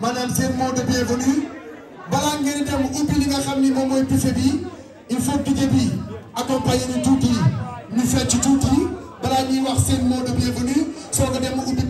maanaam seen mot de bienvenue balaa ngeen dem ubbi li nga xam ni moom mooy buffet bi il faut DJ bi accompagner ñu tuuti ñu fecc tuuti balaa ñuy wax seen mot de bienvenue soo ko dem ubbi.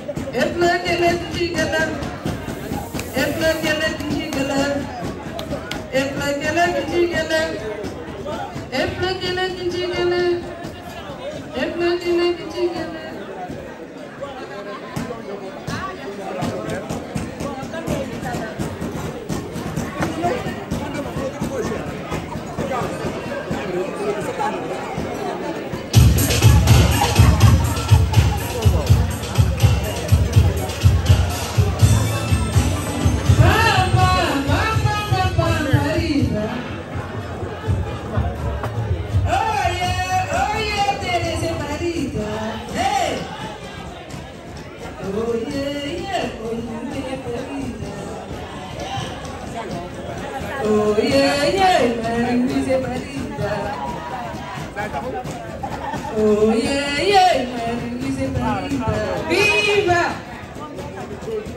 Etme gelin çiğ kadar. Etme gelin. Oh yeah, yeah, man, you say Viva. Viva!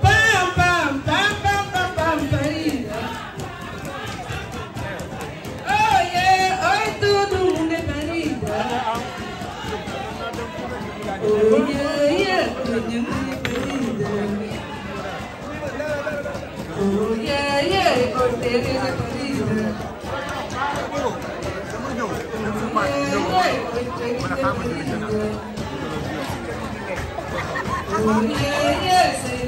Pam, pam, pam, pam, pam, pam, Paris. Oh yeah, oi todo mundo é Paris. Oh yeah, yeah, Yes,